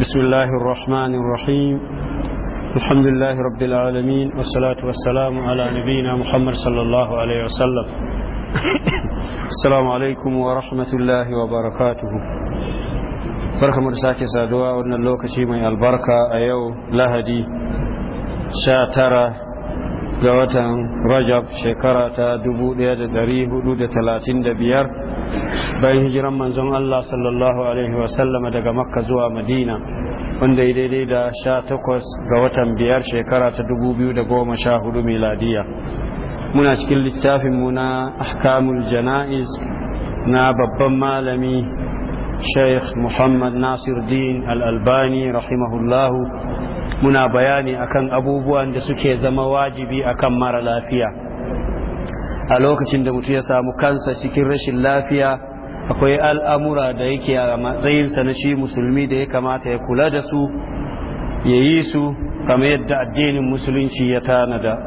بسم الله الرحمن الرحيم الحمد لله رب العالمين والصلاة والسلام على نبينا محمد صلى الله عليه وسلم السلام عليكم ورحمة الله وبركاته بركة مرساك سادوا وأن اللوكة من البركة أيو لهدي شاترة ga watan rajab shekara ta 1435 bayan hijiran manzon Allah sallallahu alaihi wasallama daga makka zuwa madina wanda ya daidai da 18 ga watan biyar shekara ta 2014 miladiya muna cikin littafin mu na ahkamul jana'iz na babban malami sheikh muhammad nasir din al-albani rahimahullahu muna bayani akan abubuwan da suke zama wajibi akan mara lafiya a lokacin da mutu ya samu kansa cikin rashin lafiya akwai al'amura da yake a matsayinsa na shi musulmi da ya kamata ya kula da su ya yi su kama yadda addinin musulunci ya tanada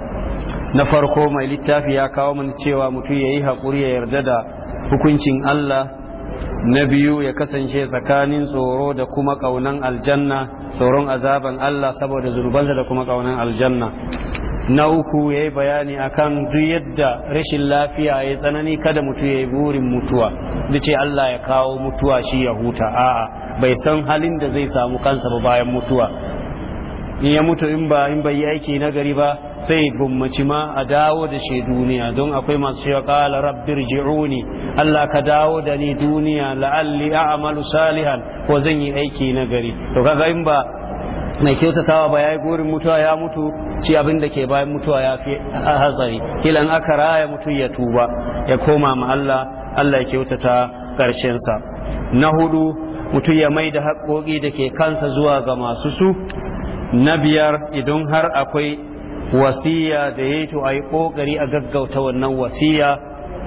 na farko mai littafi ya kawo mana cewa mutum ya yi haƙuri ya yarda da hukuncin Allah na biyu ya kasance tsakanin tsoro da kuma ƙaunan aljanna tsoron azaban Allah saboda zunubansa da kuma ƙaunar aljanna na uku ya yi bayani akan duk yadda rashin lafiya ya tsanani kada mutu ya yi burin mutuwa da ce Allah ya kawo mutuwa shi ya huta a'a bai san halin da zai samu kansa ba bayan mutuwa in ya mutu in ba yi aiki na gari ba sai gummaci ma a dawo da shi duniya don akwai masu shi qala rabbir ji'uni Allah ka dawo da ni duniya la'alli a'malu salihan ko zan yi aiki na gari to kaga in ba mai kyautatawa ba ya yi gurin mutuwa ya mutu ci abin ke bayan mutuwa ya fi hatsari kilan aka raya mutu ya tuba ya koma ma Allah Allah ya kyautata ƙarshensa na hudu mutum ya mai da haƙoƙi da ke kansa zuwa ga masu su na biyar idan har akwai wasiya da ya to a yi ƙoƙari a gaggauta wannan wasiya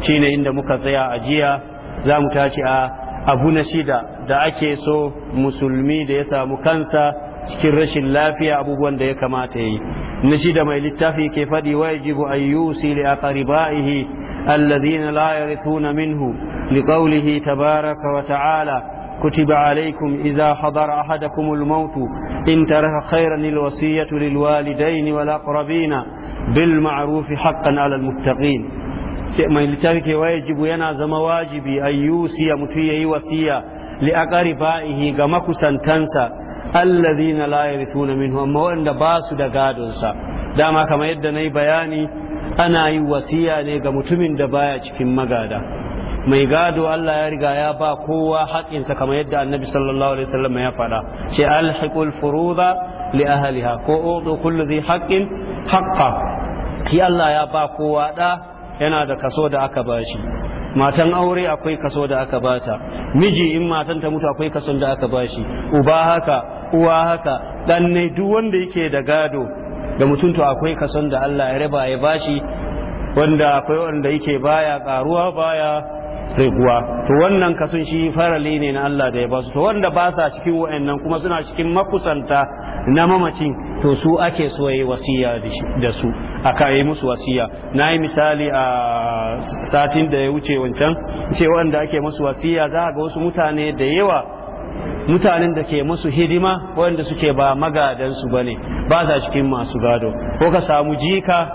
ne inda muka tsaya a jiya za mu tashi a abu na shida da ake so musulmi da ya samu kansa cikin rashin lafiya abubuwan da ya kamata ya yi na shida mai littafi ke faɗi wa yajibu an yusi li aqribaihi alladhina la yarithuna minhu liqawlihi tabaraka wa كتب عليكم إذا حضر أحدكم الموت إن ترك خيرا الوصية للوالدين والأقربين بالمعروف حقا على المتقين mai littafi ke wajibu yana zama wajibi a ya mutum ya yi wasiya li aqaribahi ga makusantansa allazina la yarithuna minhu amma wanda ba su da gadonsa dama kamar yadda nayi bayani ana yi wasiya ne ga mutumin da baya cikin magada mai gado Allah ya riga ya ba kowa haƙinsa kamar yadda annabi sallallahu alaihi wasallam ya faɗa ce alhiqul furuza li ahliha ko udu kullu dhi haqqin haqqa shi Allah ya ba kowa da yana da kaso da aka ba shi matan aure akwai kaso da aka bata miji in matan ta mutu akwai kaso da aka ba shi uba haka uwa haka dan ne duk wanda yake da gado da mutuntu akwai kason da Allah ya raba ya bashi wanda akwai wanda yake baya karuwa baya sai kuwa to wannan kasun shi farali ne na Allah da ya basu su to wanda ba sa cikin wa'annan kuma suna cikin makusanta na mamacin to su ake so yi wasiya da su aka yi musu wasiya na yi misali a satin da ya wuce wancan ce wanda ake musu wasiya za a ga wasu mutane da yawa mutanen da ke musu hidima wanda suke ba magadansu ba ne ba sa cikin masu gado ko ka samu jika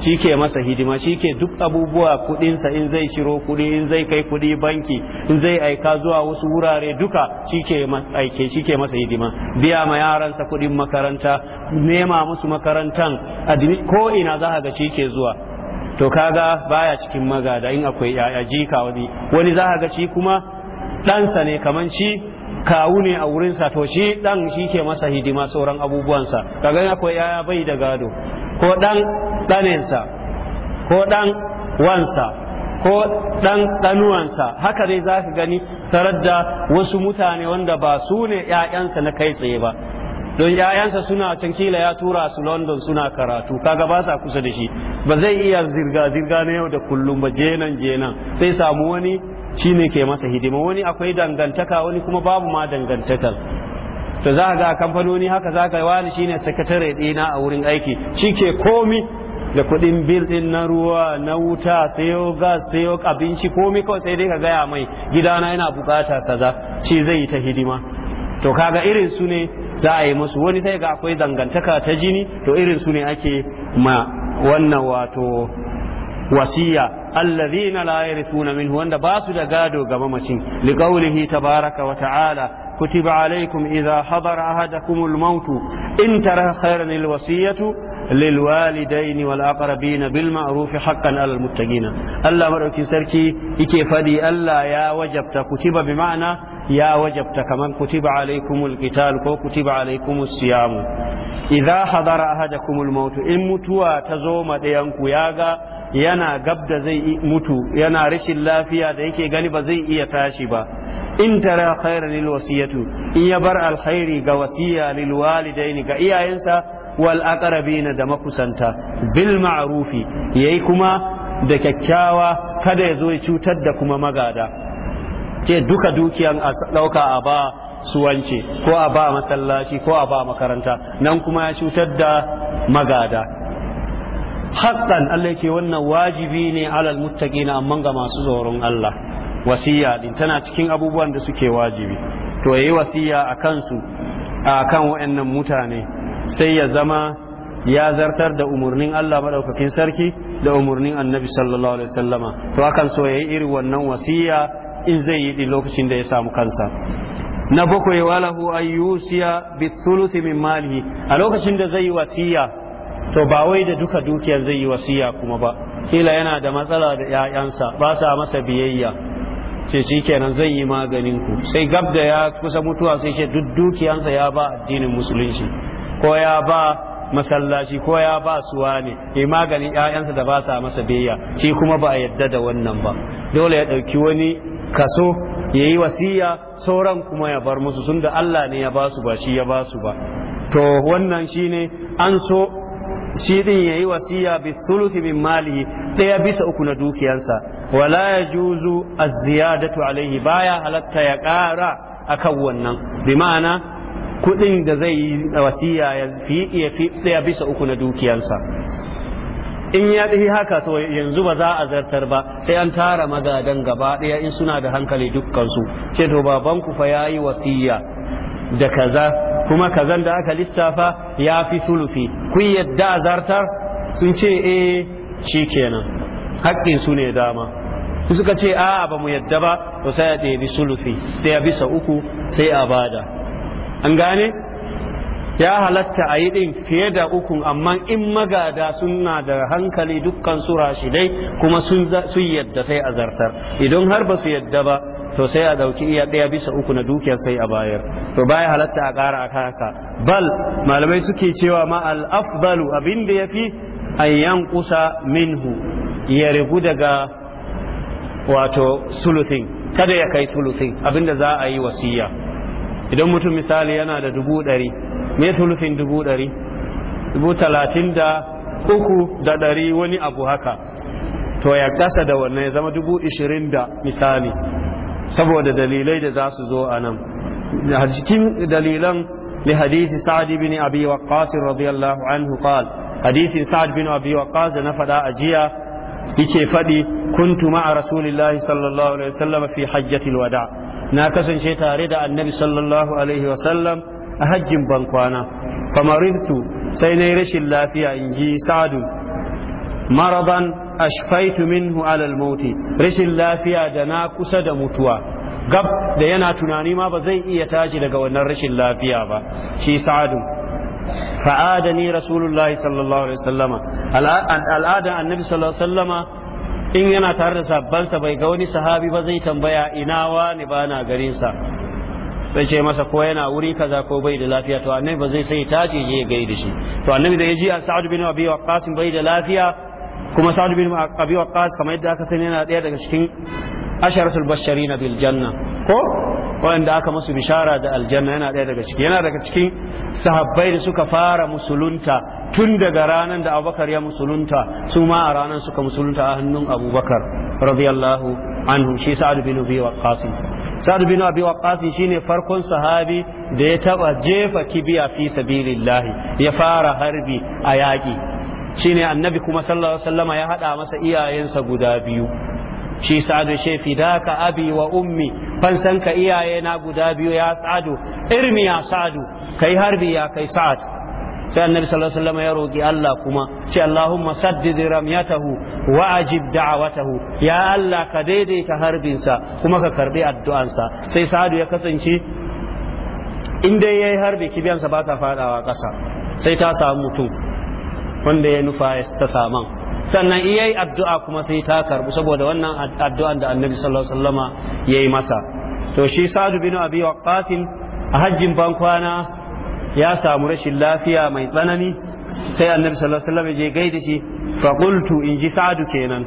shi ke masa hidima shi ke duk abubuwa kudinsa in zai ciro kudi in zai kai kudi banki in zai aika zuwa wasu wurare duka shi ke aike shi ke masa hidima biya ma yaransa kudin makaranta nema musu makarantan ko ina za ga shi ke zuwa to kaga baya cikin magada in akwai yaya jika wani wani za ga shi kuma ɗansa ne kaman shi kawu ne a wurinsa to shi ɗan shi ke masa hidima sauran abubuwansa kaga ya akwai yaya bai da gado ko dan ɗanensa ko ɗan wansa ko dan ɗanuwansa haka dai za ka gani tarar da wasu mutane wanda ba su ne ‘ya'yansa na kai tsaye ba don ‘ya'yansa suna can kila ya tura su london suna karatu kaga ba sa kusa da shi ba zai iya zirga-zirga na yau da kullum ba jenan jenan sai samu wani shi ne ke masa hidima wani akwai dangantaka wani kuma babu ma dangantakar to za ga kamfanoni haka za ka wani shi ne sakatare ɗina a wurin aiki shi ke komi da kuɗin bil ɗin na ruwa na wuta sayo gas sayo abinci komi kawai sai dai ka gaya mai gidana yana bukata kaza shi zai yi ta hidima to kaga irin su ne za a yi musu wani sai ga akwai dangantaka ta jini to irin su ne ake ma wannan wato wasiya alladhina la yarithuna minhu wanda ba su da gado ga mamacin liqaulihi tabaraka wa ta'ala كتب عليكم إذا حضر أحدكم الموت إن ترى خيرا الوصية للوالدين والأقربين بالمعروف حقا على المتقين الله مرأتي سركي إكي فدي ألا يا وجبت كتب بمعنى يا وجبت كمان كتب عليكم القتال وكتب عليكم الصيام إذا حضر أحدكم الموت إن متوى تزوم ديانكو ياغا yana gab da zai mutu yana rashin lafiya da yake gani ba zai iya tashi ba in tara khairan lil wasiyatu in ya bar alkhairi ga wasiya lil walidaini ga iyayensa wal aqrabina da makusanta bil ma'rufi yayi kuma da kyakkyawa kada ya zo ya cutar da kuma magada ce duka dukiyan a dauka a ba suwance ko a ba masallaci ko a ba makaranta nan kuma ya cutar da magada haƙƙan Allah yake wannan wajibi ne alal na amma ga masu tsoron Allah wasiya din tana cikin abubuwan da suke wajibi to yayi wasiya a kansu a kan waɗannan mutane sai ya zama ya zartar da umarnin Allah madaukakin sarki da umarnin Annabi sallallahu alaihi wasallama to akan so yayi irin wannan wasiya in zai yi lokacin da ya samu kansa na bakwai walahu ayyusiya bi thuluthi min malihi a lokacin da zai yi wasiya to ba wai da duka dukiyar zai yi wasiya kuma ba kila yana da matsala da 'ya'yansa ba sa masa biyayya ce shi kenan zai yi maganin ku sai gab da ya kusa mutuwa sai ce duk dukiyansa ya ba addinin musulunci ko ya ba masallaci ko ya ba suwa ne ya maganin 'ya'yansa da ba sa masa biyayya shi kuma ba a yadda da wannan ba dole ya ɗauki wani kaso ya yi wasiya sauran kuma ya bar musu sun da Allah ne ya ba su ba shi ya ba su ba to wannan shine an so shi din yayi wasiya bi thuluthi min malihi daya bisa uku na dukiyarsa wala yajuzu az-ziyadatu alaihi baya halatta ya kara akan wannan bi ma'ana kudin da zai yi wasiya ya fi ya fi daya bisa uku na dukiyarsa in ya dahi haka to yanzu ba za a zartar ba sai an tara magadan gaba ɗaya in suna da hankali dukkan su ce to babanku fa ya yi wasiya da kaza kuma kazan da aka lissafa ya sulufi kun yadda zartar sun ce e eh, shikenan kenan su ne dama suka ce a'a bamu yadda ba to sai a ɗebi sulufi a bisa uku sai a bada angane ya halatta a yi ɗin fiye da ukun amma in magada suna da hankali dukkan su rashidai kuma sun yadda sai a zartar idan har basu su yadda ba to sai a dauki iya ɗaya bisa uku na dukiyar sai a bayar to baya halatta a kara a haka bal malamai suke cewa ma al-afdalu abin da yafi an yankusa minhu ya rigu daga wato sulusin kada ya kai sulusin abin za a yi wasiya idan mutum misali yana da dubu ɗari me sulufin dubu ɗari dubu talatin da uku da ɗari wani abu haka to ya kasa da wannan ya zama dubu ishirin da misali saboda dalilai da za su zo a nan cikin dalilan li hadisi sa'ad ibn abi waqqas radiyallahu anhu qal hadisi sa'ad ibn abi waqqas da na faɗa a jiya yake faɗi kuntu ma'a rasulillahi sallallahu alaihi wasallam fi hajjatil wada na kasance tare da annabi sallallahu alaihi wasallam a hajjin bankwana famaribtu sai na rashin lafiya in ji sa'adu maradan ashfaitu minhu alal mauti rashin lafiya da na kusa da mutuwa gab da yana tunani ma ba zai iya tashi daga wannan rashin lafiya ba shi sa'adu fa'adani rasulullahi sallallahu alaihi wasallama al'ada annabi sallallahu alaihi wasallama in yana tare da sabbansa bai ga wani sahabi ba zai tambaya ina wani bana garinsa sai ce masa ko yana wuri kaza ko bai da lafiya to annabi ba zai sai tashi je ya gaida shi to annabi da ya ji a sa'ad bin abi waqqas bai da lafiya kuma Sa'adu bin abi waqqas kamar yadda aka sani yana daya daga cikin asharatul basharin bil janna ko wanda aka musu bishara da aljanna yana daya daga ciki yana daga cikin sahabbai da suka fara musulunta tun daga ranar da abubakar ya musulunta su ma a ranar suka musulunta a hannun abubakar radiyallahu anhu shi Sa'adu bin abi waqqas Sa'adu bin abi waqqas shine farkon sahabi da ya taba jefa kibiya fi sabilillahi ya fara harbi a yaƙi shine annabi kuma sallallahu alaihi wasallama ya haɗa masa iyayensa guda biyu shi sa'adu she daka abi wa ummi fansan ka iyaye na guda biyu ya sa'adu irmi ya sa'adu kai harbi ya kai sa'ad sai annabi sallallahu alaihi ya roki Allah kuma ce Allahumma saddid ramyatahu wa ajib da'awatahu ya Allah ka daidaita harbinsa kuma ka karbi addu'ansa sai sa'adu ya kasance in dai yayi harbi kibiyansa ba ta fadawa kasa sai ta samu mutum wanda ya nufa ta saman sannan iya yi addu'a kuma sai ta karbu saboda wannan addu'an da annabi sallallahu alaihi ya yi masa to shi Sadu bin abi waqqasin a hajjin bankwana ya samu rashin lafiya mai tsanani sai annabi sallallahu alaihi je gaida shi fa in ji sa'adu kenan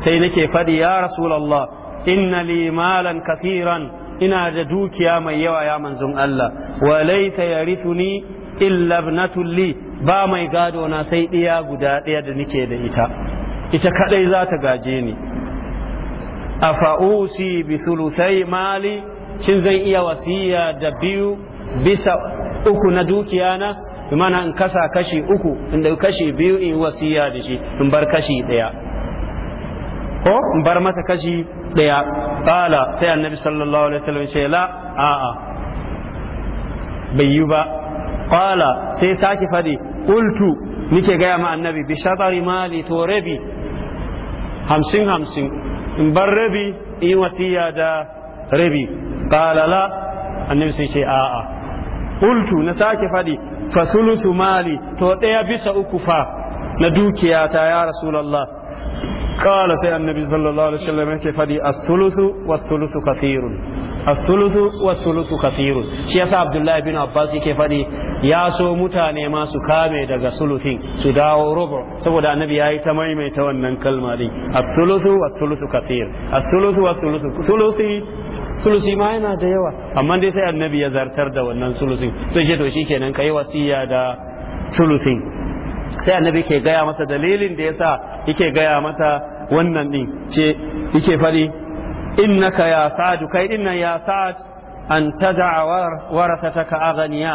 sai nake fadi ya rasulullah inna li malan kathiran ina da dukiya mai yawa ya manzon Allah wa laysa yarithuni illa ibnatul li ba mai gado na sai ɗiya guda ɗaya da nike da ita ita kadai za ta gaje ni afa usi bi thulusai mali shin zan iya wasiya da biyu bisa uku na dukiya na mana in kasa kashi uku in kashi biyu in wasiya da shi in bar kashi ɗaya ko in bar mata kashi ɗaya qala sai annabi sallallahu alaihi wasallam ce la a'a bai yi ba qala sai sake fadi qultu nike gaya ma annabi bi shatari mali to rabi hamsin hamsin in bar rabi in wasiya da rabi qala la annabi sai ce a'a qultu na sake fadi fa sulusu mali to daya bisa uku fa na dukiya ta ya rasulullah qala sai annabi sallallahu alaihi wasallam ke fadi as-thuluthu was sulusu kathirun الثلث shi كثير شيخ عبد الله بن عباس yake faɗi ya so mutane ma su kame daga sulusin su dawo rubu saboda annabi ya yi ta maimaita wannan kalma din wa sulusu kathir as wa sulusu sulusi ma yana da yawa amma dai sai annabi ya zartar da wannan sulusin sai ce to shikenan kai wasiya da sulusin sai annabi ke gaya masa dalilin da yasa yake gaya masa wannan din ce yake faɗi innaka ya sa'adu kai dinnan ya sa'ad an tad'a warasataka aghniya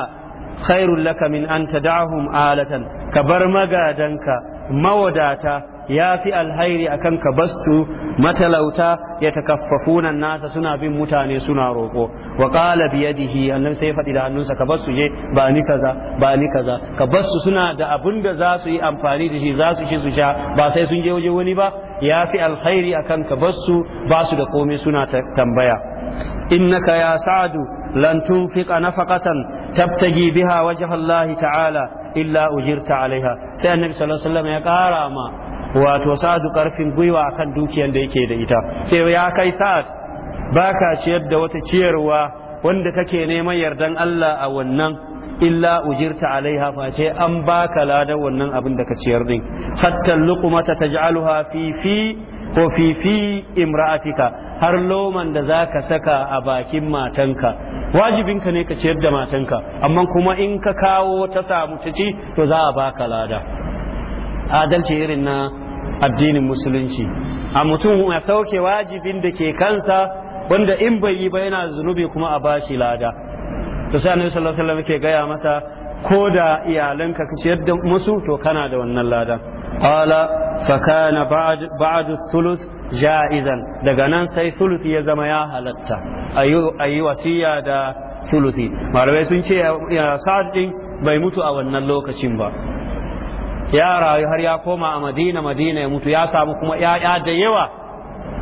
khairun laka min an tad'ahum alatan ka bar magadanka mawadata ya fi alhairi akan ka bastu matalauta ya takaffafuna nasa suna bin mutane suna roƙo wa qala bi yadihi sai ya faɗi da hannunsa ka bastu je ba ni kaza ba ni kaza ka bastu suna da abun da za su yi amfani da shi za su ci su sha ba sai sun je waje wani ba ya fi alkhairi akan ka basu ba su da komai suna tambaya innaka ya sa'adu lan tunfiqa nafaqatan tabtagi biha wajha Allah ta'ala illa ujirta alaiha sai annabi sallallahu alaihi wasallam ya ƙara ma wato sa'adu karfin gwiwa akan dukiyar da yake da ita sai ya kai sa'ad baka ciyar da wata ciyarwa wanda kake neman yardan Allah a wannan illa ujirta alaiha face an baka lada wannan abin da ka ciyar din hatta luqmata taj'aluha fi fi ko fi fi imra'atika har loman da zaka saka a bakin matanka wajibinka ne ka ciyar da matanka amma kuma in ka kawo ta samu ta ci to za a baka lada adalci irin na addinin musulunci a mutum ya sauke wajibin da ke kansa wanda in bai yi ba yana zunubi kuma a bashi lada to sai annabi sallallahu alaihi wasallam ke gaya masa ko da iyalanka ka ciyar da musu to kana da wannan lada qala fa kana ba'du thuluth ja'izan daga nan sai thuluthi ya zama ya halatta ayi wasiya da thuluthi malamai sun ce ya sa'ad bai mutu a wannan lokacin ba ya rayu har ya koma a madina madina ya mutu ya samu kuma ya'ya da yawa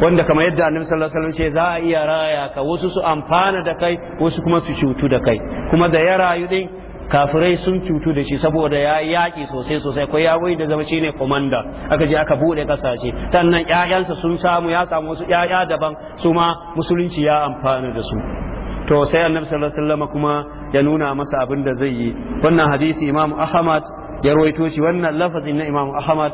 wanda kamar yadda annabi sallallahu alaihi wasallam ce za a iya raya ka wasu su amfana da kai wasu kuma su cutu da kai kuma da ya rayu din kafirai sun cutu da shi saboda ya yaƙi sosai sosai ko ya wai da zama shine komanda aka je aka bude kasashe sannan ƴaƴansa sun samu ya samu wasu ƴaƴa daban su ma musulunci ya amfana da su to sai annabi sallallahu alaihi wasallam kuma ya nuna masa abin da zai yi wannan hadisi imam ahmad ya shi wannan lafazin na Imam Ahmad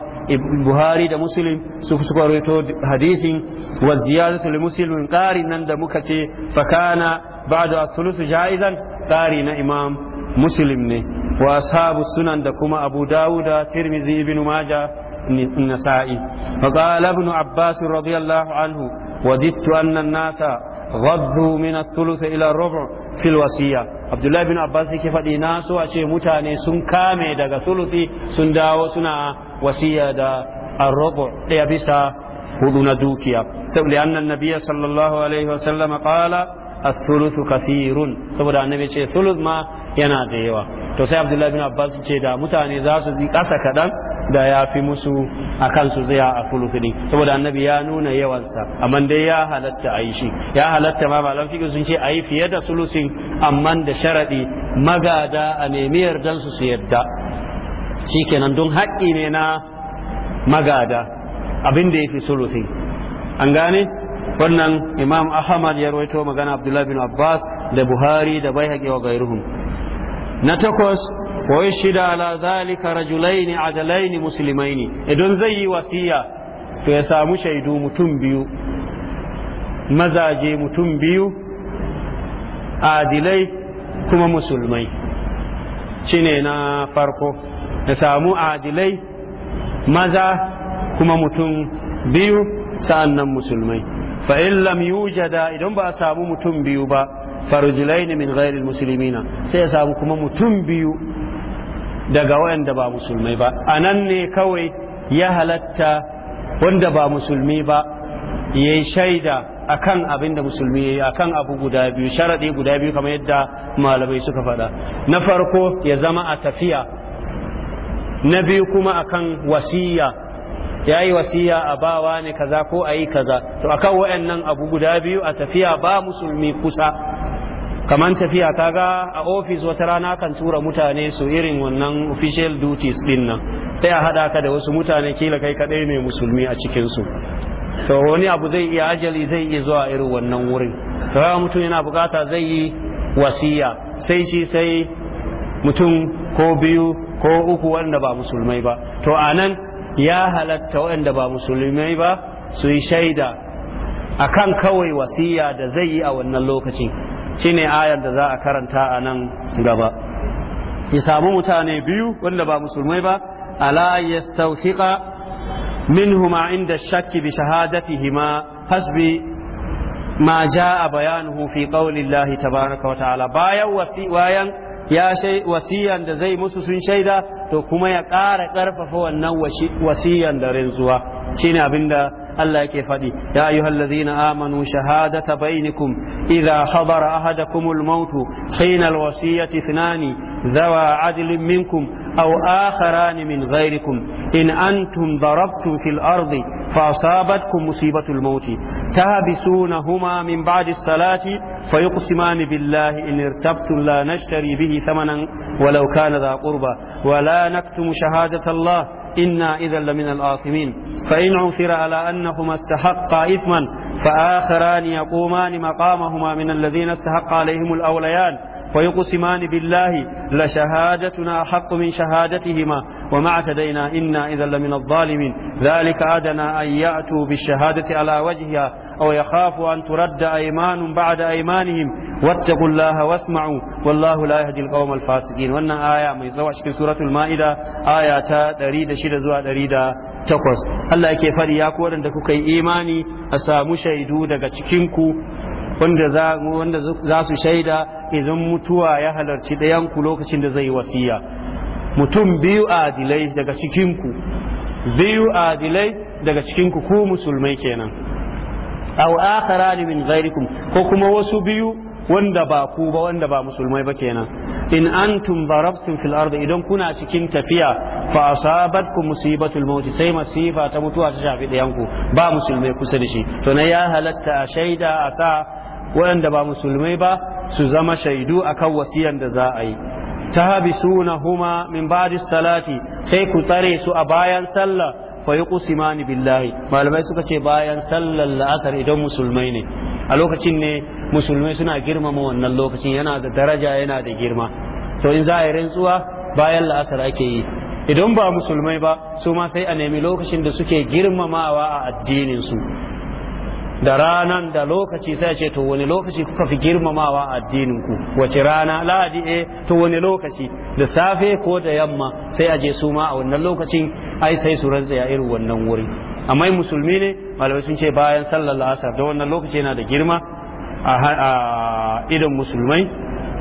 Buhari da Muslim su suka rawaito hadisin wa ziyadatu li Muslim nan da muka ce fa kana ba'da as-sulusu jaizan qari na Imam Muslim ne wa ashabu sunan da kuma Abu Dawud Tirmizi Ibn maja النسائي فقال ابن عباس رضي الله عنه وددت أن الناس غضوا من الثلث إلى الربع في الوصية abdullahi bin abbas yake faɗi na so a ce mutane sun kame daga sulusi sun dawo suna wasiya da arrobo ɗaya bisa hudu na dukiya saboda annan nabiya sallallahu alaihi wasallam qala الثلث كثير saboda annabi ce thuluth ma yana da yawa to sai abdullahi bin abbas ce da mutane za su yi kasa kadan da ya fi musu a kansu zai a sulusu ne saboda annabi ya nuna yawansa amma dai ya halatta a yi shi ya halatta ma malam sun ce a yi fiye da sulusin amma da sharaɗi magada a nemi yardan su su shi kenan don haƙƙi ne na magada abin da ya fi sulusi an gane wannan imam ahmad ya rawaito magana abdullahi bin abbas da buhari da bai wa gairuhun na takwas wa shida ala zalika rajulaini adalaini muslimaini idan zai yi wasiya to ya samu shaidu mutum biyu mazaje mutum biyu adilai kuma musulmai shine na farko ya samu adilai maza kuma mutum biyu sa'annan musulmai fa in lam yujada idan ba a samu mutum biyu ba farujulaini min ghairil muslimina sai ya samu kuma mutum biyu daga waɗanda ba musulmai ba a nan ne kawai ya halatta wanda ba musulmi ba ya yi shaida a kan abin da musulmi ya yi a kan abu guda biyu sharaɗi guda biyu kamar yadda malamai suka faɗa na farko ya zama a tafiya na biyu kuma a kan wasiya ya yi wasiya a bawa ne kaza ko a yi kaza to a akan waɗannan abu guda biyu a tafiya ba musulmi kusa kaman tafiya ka ga a ofis wata rana kan tura mutane su irin wannan official duties din nan sai a hada ka da wasu mutane kila kai kadai mai musulmi a cikin su to wani abu zai iya ajali zai iya zuwa irin wannan wurin to ga mutum yana bukata zai yi wasiya sai shi sai mutum ko biyu ko uku wanda ba musulmai ba to anan ya halatta wanda ba musulmai ba su yi shaida akan kawai wasiya da zai yi a wannan lokacin shine ayar da za a karanta a nan gaba ya samu mutane biyu wanda ba musulmai ba ala yastawthiqa minhuma inda shakki bi shahadatihima hasbi ma jaa bayanuhu fi qawlillahi tabaraka wa ta'ala bayan wayan ya wasiyan da zai musu sun shaida to kuma ya ƙara ƙarfafa wannan wasiyan da rinzuwa shi ne abinda Allah yake faɗi ya yi hallazina amanu shahadata bainikum idza hadara ahadakumul mautu hina alwasiyati thnani zawa adlin minkum au akharan min ghairikum in antum darabtu fil ardi fa asabatkum musibatul maut tahbisunahuma min ba'di salati fa yuqsiman billahi in irtabtum la nashtari bihi thamanan walau kana dha qurba wa la naktumu shahadata Allah إنا إذا لمن الآثمين فإن عثر على أنهما استحقا إثما فآخران يقومان مقامهما من الذين استحق عليهم الأوليان ويقسمان بالله لشهادتنا حق من شهادتهما وما اعتدينا إنا إذا لمن الظالمين ذلك أدنى أن يأتوا بالشهادة على وجهها أو يخافوا أن ترد أيمان بعد أيمانهم واتقوا الله واسمعوا والله لا يهدي القوم الفاسقين وأن آية من زوج في سورة المائدة آية دريد شد زوا دريد تقص الله يكفر يا كورن دكوكي إيماني أسامو شيدو دكتشكينكو wanda za su shaida idan mutuwa ya halarci ɗayanku lokacin da zai wasiya mutum biyu adilai daga cikinku biyu adilai daga cikinku ku musulmai kenan aw akhara min ghairikum ko kuma wasu biyu wanda ba ku ba wanda ba musulmai ba kenan in antum darabtum fil ardi idan kuna cikin tafiya fa asabatkum musibatul maut sai masifa ta mutuwa ta shafi ɗayan ku ba musulmai kusa da shi to na ya halatta a shaida a sa waɗanda ba musulmai ba su zama shaidu akan wasiyan da za a yi huma min ba'di salati sai ku tsare su a bayan sallah fayuqsimani billahi malamai suka ce bayan sallar la'asar idan musulmai ne a lokacin ne musulmai suna girmama wannan lokacin yana da daraja yana da girma to in za a yi rantsuwa bayan la'asar ake yi idan ba musulmai ba su ma sai a nemi lokacin da suke girmamawa a addinin su da ranan da lokaci sai ce to wani lokaci kuka fi girmamawa a addininku wace rana lahadi eh to wani lokaci da safe ko da yamma sai a je su ma a wannan lokacin ai sai su rantsa ya irin wannan wuri amma musulmi ne malamai sun ce bayan sallar la'asar da wannan lokaci yana da girma a idan musulmai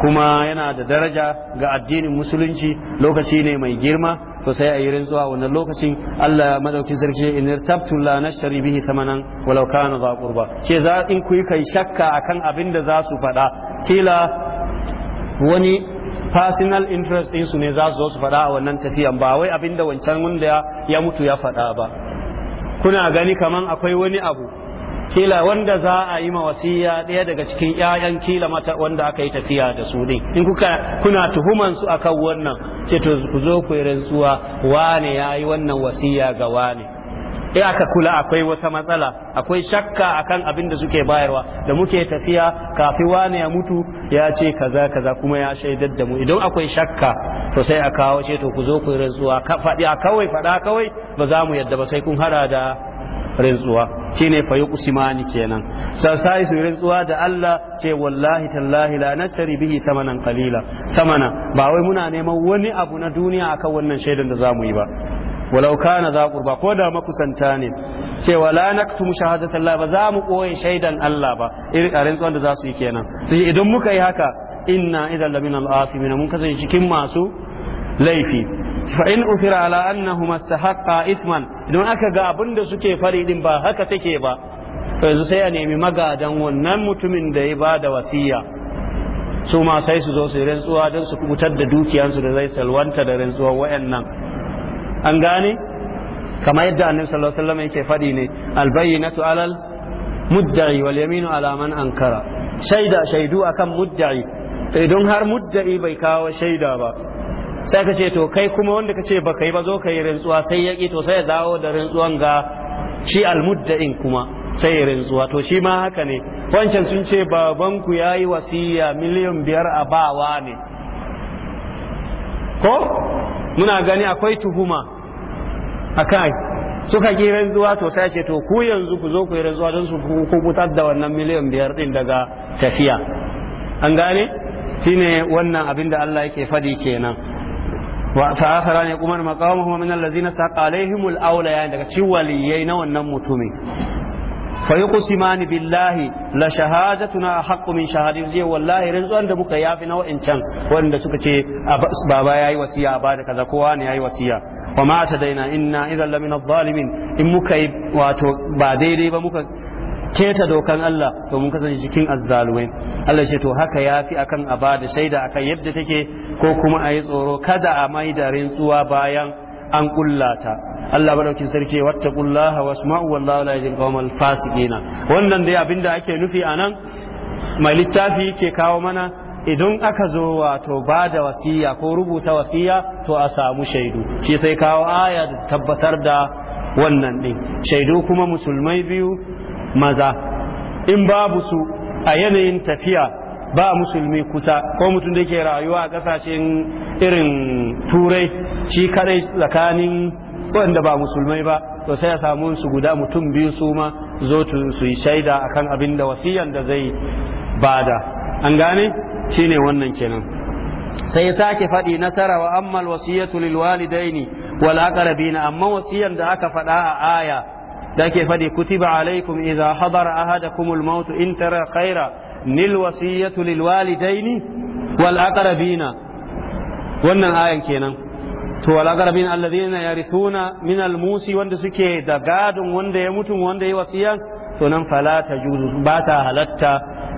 kuma yana da daraja ga addinin musulunci lokaci ne mai girma to sai a yi rantsuwa wannan lokacin Allah ya madaukin sarki in tabtum la nashri bihi samanan walau kana za qurba ce za in ku yi kai shakka akan abin da za su faɗa kila wani personal interest din su ne za su zo su faɗa a wannan tafiyan ba wai abin da wancan wanda ya mutu ya faɗa ba kuna gani kaman akwai wani abu kila wanda za a yi wasiya ɗaya daga cikin 'ya'yan kila mata wanda aka yi tafiya da su ne in kuka kuna tuhuman su akan wannan ce to ku zo ku yi rantsuwa wane ya yi wannan wasiya ga wane in aka kula akwai wata matsala akwai shakka akan abin da suke bayarwa da muke tafiya kafi wane ya mutu ya ce kaza kaza kuma ya shaidar da mu idan akwai shakka to sai a kawo ce to ku zo ku rantsuwa faɗi a kawai faɗa kawai ba za mu yadda ba sai kun hada da rantsuwa shi ne fa kenan sa sai su rantsuwa da Allah ce wallahi tallahi la nashtari bihi samanan qalila samana ba wai muna neman wani abu na duniya akan wannan shaidan da zamu yi ba walau kana za qurba ko da makusanta ne wa la naktum shahadata ba za mu koye shaidan Allah ba irin rantsuwan da za su yi kenan sai idan muka yi haka inna idan min al-afimin mun kasance cikin masu laifi fa in usira ala annahuma istahaqqa isman idan aka ga abin da suke fari din ba haka take ba yanzu sai a nemi magadan wannan mutumin da ya bada wasiya su ma sai su zo su rantsuwa don su kubutar da dukiyansu da zai salwanta da rantsuwar wayannan an gane kamar yadda annabi sallallahu alaihi wasallam yake fadi ne albayyinatu alal mudda'i wal yaminu ala man ankara shaida shaidu akan mudda'i idan har mudda'i bai kawo shaida ba sai ka ce to kai kuma wanda ka ce ba kai ba zo ka yi rantsuwa sai ya ƙi to sai ya dawo da rintsuwan ga shi almudda'in kuma sai ya rantsuwa to shi ma haka ne wancan sun ce babanku ya yi wasiya miliyan biyar a bawa ne ko muna gani akwai tuhuma a kai suka ƙi rantsuwa to sai ce to ku yanzu ku zo ku yi rantsuwa don su kubutar da wannan miliyan biyar din daga tafiya an gane shine wannan abin da Allah yake faɗi kenan فآخران na مقامهما من الذين سحق عليهم الأولى يعني daga cikin waliyai na wannan mutumin fayuqsiman billahi la shahadatuna haqqu min shahadati zai wallahi rinzuwan da muka yafi na wa'incan wanda suka ce baba yayi wasi'a ba da kaza kowa ne yayi wasiya wa ma tadaina inna idan lamina zalimin in muka yi wato ba daidai ba muka keta dokan Allah to mun kasance cikin azzalumai Allah ce to haka yafi akan a bada shaida akan yadda take ko kuma a yi tsoro kada a mai da rintsuwa bayan an kullata Allah madaukin sarki kullaha wasma'u wallahu la yahdil qawmal fasiqina wannan dai abinda ake nufi anan mai littafi ke kawo mana idan aka zo wato ba da wasiya ko rubuta wasiya to a samu shaidu shi sai kawo aya da tabbatar da wannan din. shaidu kuma musulmai biyu maza in babu su a yanayin tafiya ba musulmi kusa ko mutum da ke rayuwa a kasashen irin turai shi kadai tsakanin waɗanda ba musulmai ba to sai ya samu su guda mutum biyu su ma zo su yi shaida kan abin da wasiyan da zai bada an gane shine wannan kenan sai ya sake faɗi na tara wa ammal wasiyatu lil walidaini wal aqrabina amma wasiyan da aka faɗa a aya da ke fadi kutiba alaikum idza hadara ahadakumul maut in tara khaira nil wasiyatu lil walidaini wal aqrabina wannan ayan kenan to wal aqrabin alladhina yarithuna min al musi wanda suke da gadon wanda ya mutu wanda ya wasiya to nan fala tajuzu ba ta halatta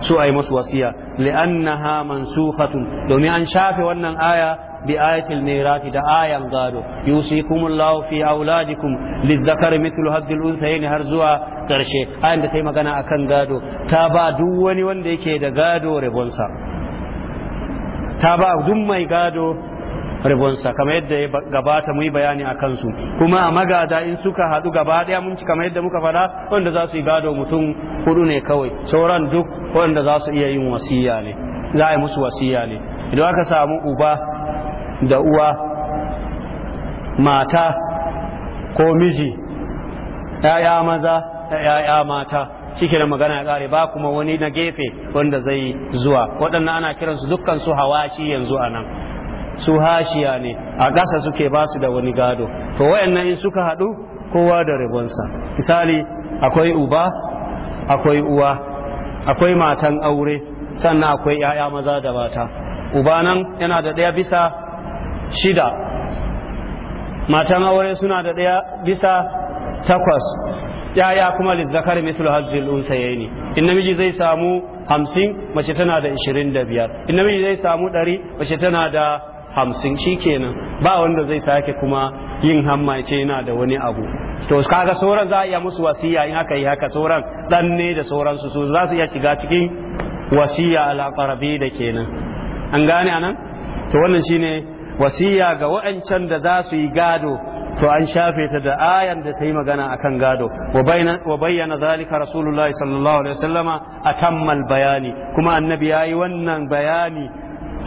su ai musu wasiya li'annaha mansukhatun domin an shafe wannan aya bi ayatil da ayan gado yusikumullahu fi auladikum lizzakari mithlu haddil unsayni har zuwa karshe ayan da sai magana akan gado ta ba duk wani wanda yake da gado rabonsa ta ba duk mai gado rabonsa kamar yadda ya gabata mu bayani a kuma a magada in suka haɗu gaba ɗaya mun ci kamar yadda muka faɗa wanda za su yi gado mutum hudu ne kawai sauran duk wanda za su iya yin wasiya ne za a yi musu wasiya ne idan aka samu uba da uwa mata ko miji ‘ya'ya maza da ‘ya'ya mata cike da magana ya kare ba kuma wani na gefe wanda zai zuwa waɗannan ana kiransu dukkan su hawashi yanzu a nan su hashiya ne a ƙasa suke ba su da wani gado to wayannan in suka haɗu kowa da ribonsa misali akwai uba akwai uwa akwai matan aure sannan akwai ‘ya'ya maza da mata uba nan yana da ɗaya bisa shida matan aure suna da ɗaya bisa takwas yaya kuma lizzakar mithlu hajjil unsayaini in namiji zai samu hamsin mace tana da ishirin da biyar in namiji zai samu ɗari mace tana da hamsin shikenan ba wanda zai sake kuma yin hamma ce yana da wani abu to kaga sauran za a iya musu wasiya in aka yi haka sauran dan ne da sauran su za su iya shiga cikin wasiya al'aqarabi da kenan an gane anan to wannan shine wasiya ga wa'ancan da za su yi gado to an shafe ta da ayan da ta yi magana akan gado wa bayyana zalika rasulullahi sallallahu alaihi wasallama atammal bayani kuma annabi yayi wannan bayani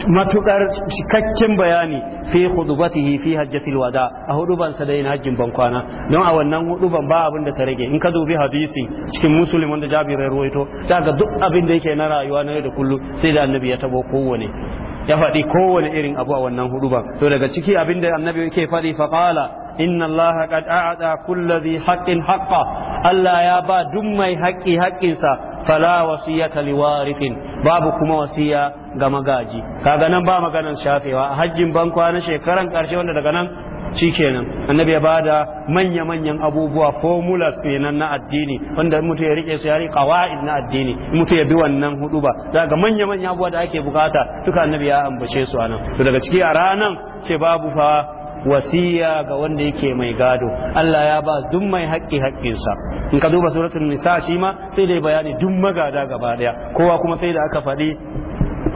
matuƙar cikakken bayani fi khudubatihi fi hajjatil wada a huduban sa dai yin hajjin ban kwana don a wannan huduban ba abin da ta rage in ka dubi hadisi cikin muslim wanda jabir ya ruwaito daga duk abin da yake na rayuwa na yau da kullum sai da annabi ya tabo kowane ya faɗi kowane irin abu a wannan ba to daga ciki abin da annabi yake faɗi fa qala inna allaha qad a'ata kulli haqqin haqqa Allah ya ba duk mai haƙƙi haƙƙinsa fala wasiyata liwarithin babu kuma wasiya ga magaji kaga nan ba maganan shafewa a hajjin ban kwana shekaran karshe wanda daga nan shikenan annabi ya bada manya manyan abubuwa formulas kenan na addini wanda mutu ya rike su ya rika wa'id na addini mutu ya bi wannan hudu ba daga manya manyan abubuwa da ake bukata duka annabi ya ambace su anan to daga ciki a ranan ce babu fa wasiya ga wanda yake mai gado Allah ya ba duk mai haƙƙi haƙƙinsa in ka duba suratul nisa shi ma sai dai bayani duk magada gaba daya kowa kuma sai da aka faɗi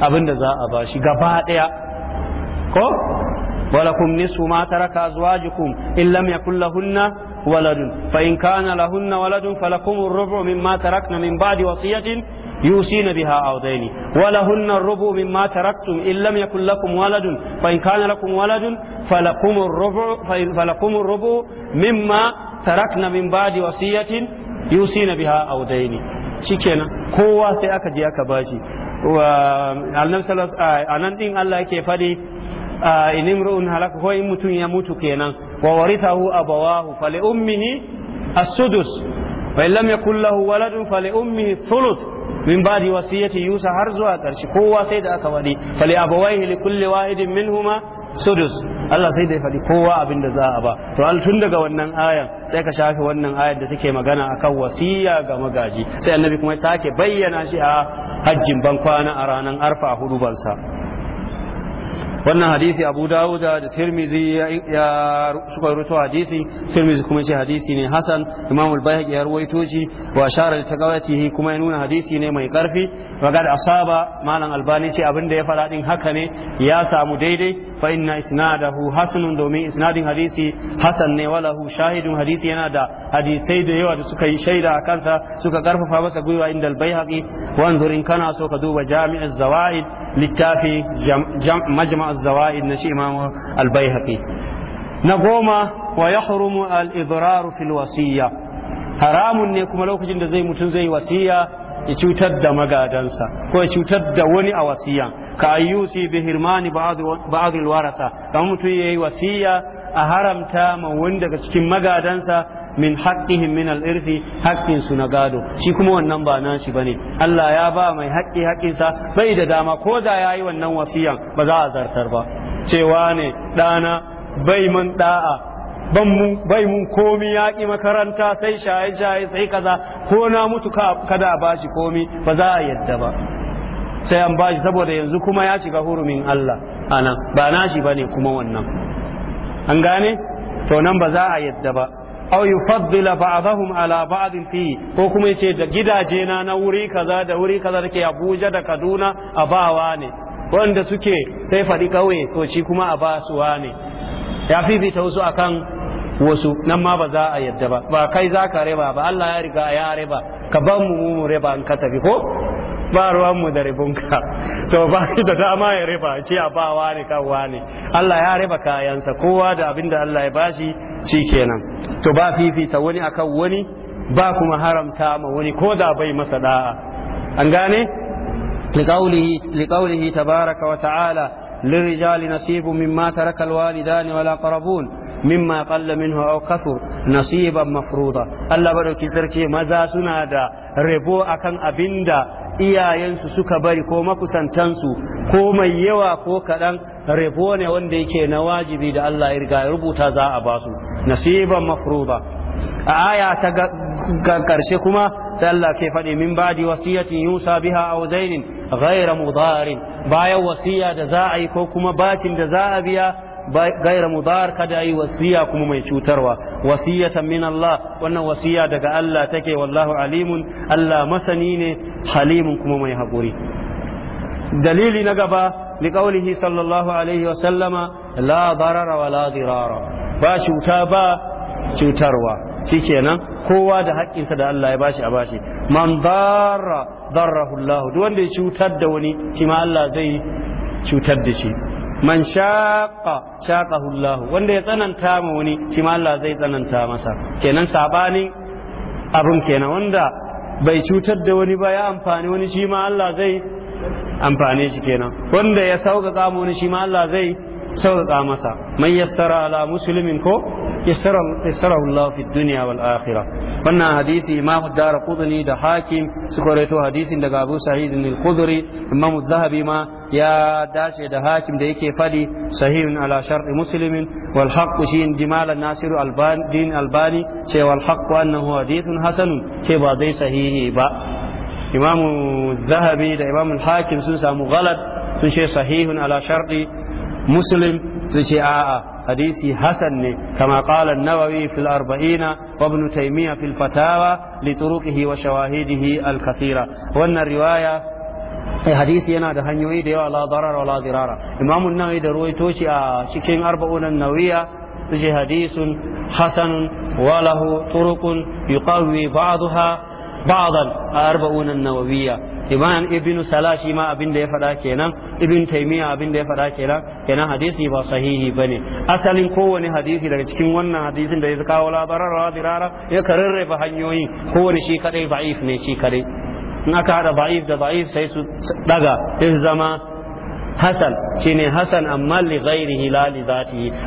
abin da za a ba shi gaba daya ko ولكم نصف ما ترك أزواجكم إن لم يكن لهن ولد فإن كان لهن ولد فلكم الربع مما تركن من بعد وصية يوصين بها أو دين ولهن الربع مما تركتم إن لم يكن لكم ولد فإن كان لكم ولد فلكم الربع فلكم الربع مما تركن من بعد وصية يوصين بها أو دين shikenan kowa sai aka je aka bashi wa annabi sallallahu alaihi wasallam anan din Allah yake fadi in imru'un halaka ko in mutum ya mutu kenan wa warithahu abawahu fali ummihi as-sudus wa lam yakul lahu waladun fali ummihi thuluth min ba'di wasiyati yusa har zuwa karshe kowa sai da aka wadi fali abawaihi li kulli wahidin minhuma sudus Allah sai da ya faɗi kowa abin da za a ba to al tun daga wannan ayan sai ka shafe wannan ayar da take magana akan wasiya ga magaji sai annabi kuma sake bayyana shi a hajjin ban kwana a ranar arfa hudu bansa wannan hadisi abu dawuda da tirmizi ya suka rubuta hadisi tirmizi kuma ce hadisi ne hasan imam al-bayhaqi ya ruwaito shi wa shara ta gawatihi kuma ya nuna hadisi ne mai karfi wa gad asaba malam albani ce abin da ya fara din haka ne ya samu daidai fa inna isnadahu hasanun domin isnadin hadisi hasan ne walahu shahidun hadisi yana da hadisai da yawa da suka yi shaida a kansa suka karfafa masa gwiwa inda albayhaqi wanzur in kana so ka duba jami'u zawaid littafi majma'u zawaid na shi imam albayhaqi na goma wa yahrumu al-idraru fil haramun ne kuma lokacin da zai mutum zai wasiya ya cutar da magadansa ko ya cutar da wani a wasiyan ka ayyusi bi hirmani ba'd al-warasa kamar mutum yayi wasiya a haramta ma wani daga cikin magadansa min haqqihim min al'irfi haƙƙinsu na gado shi kuma wannan ba nan shi bane Allah ya ba mai haƙƙi haƙƙinsa bai da dama ko da ya wannan wasiyan ba za a zartar ba cewa ne ɗana bai mun ɗa'a bai mun komi ya ƙi makaranta sai shaye-shaye sai kaza ko na mutu kada a bashi komi ba za a yadda ba sai an bashi saboda yanzu kuma ya shiga hurumin Allah anan ba nashi bane kuma wannan an gane to nan ba za a yadda ba aw yufaddila ba'dahum ala ba'd fi ko kuma yace da gidaje na na wuri kaza da wuri kaza ke Abuja da Kaduna a bawa ne wanda suke sai faɗi kauye to shi kuma a basuwa ne ya fifita wasu akan wasu nan ma ba za a yadda ba ba kai za ka riba ba Allah ya riga ya riba ka ban mu mu riba an ka tafi ko ba ruwan mu da ribunka to ba shi da dama ya riba ce a ba wani kan wani Allah ya riba kayansa kowa da abin da Allah ya bashi shikenan to ba fifita wani akan wani ba kuma haramta ma wani ko da bai masa da'a an gane liqaulihi liqaulihi tabaraka wa ta'ala للرجال نصيب مما ترك الوالدان والأقربون مما قل منه أو كثر نصيبا مفروضا الله بارك سركي ماذا سنادا Rebo akan abinda iyayensu suka bari ko makusantansu ko mai yawa ko kaɗan Rebo ne wanda yake na wajibi da Allah ya riga ya rubuta za a basu nasiban mafruda a aya ta ƙarshe kuma sai Allah ke faɗi min badi wasiyatin yusa biha aw dainin ghayra mudarin bayan wasiya da za a yi ko kuma bacin da za a biya gaira mudar kada yi wasiya kuma mai cutarwa wasiyatan min wannan wasiya daga Allah take wallahu alimun Allah masani ne halimun kuma mai haƙuri dalili na gaba liƙaulihi sallallahu alaihi wa sallama la barara wa la dirara ba cuta ba cutarwa shikenan kowa da haƙƙinsa da Allah ya bashi a bashi man darra darrahu Allah duk wanda ya cutar da wani shi Allah zai cutar da shi man shaqa shaqahu Allah wanda ya tsananta ma wani shi ma Allah zai tsananta masa kenan sabanin abun kenan wanda bai cutar da wani ba ya amfani wani shi ma Allah zai amfane shi kenan wanda ya sauƙaƙa ma wani shi ma Allah zai sauƙaƙa masa mai yassara ala musulmin ko yassara Allah fi duniya wal akhirah wannan hadisi imamu dara kudini da hakim su hadisi hadisin daga abu sa'id al khudri imamu zahabi ma ya dace da hakim da yake fadi sahihin ala shar'i musulmin wal haqqu shi jimalan nasiru albani albani ce wal haqqu annahu hadithun hasanun ce ba zai sahihi ba imamu zahabi da imamu hakim sun samu galat sun ce sahihun ala shar'i muslim su ce a'a hadisi hasan ne kama qala an-nawawi fil arba'ina wa ibn taymiya fil fatawa li turuqihi wa shawahidihi al wannan riwaya eh, hadisi yana da hanyoyi da yawa la darar wa la dirara imamu nawawi da ruwaito shi a cikin arba'unan nawiya hadisin hadisun hasanun wa lahu turuqun yuqawi ba'daha بعضا أربعون النووية Iman ibn salashi ma abin da ya faɗa kenan ibn Taymiyyah abin da ya faɗa kenan kenan hadisi ba sahihi bane asalin kowane hadisi daga cikin wannan hadisin da ya kawo labarar dirara ya ba hanyoyin kowane shi kadai ba'if ne shi kadai in aka hada ba'if da ba'if sai su daga sai zama hasan shine hasan amma li ghairihi la li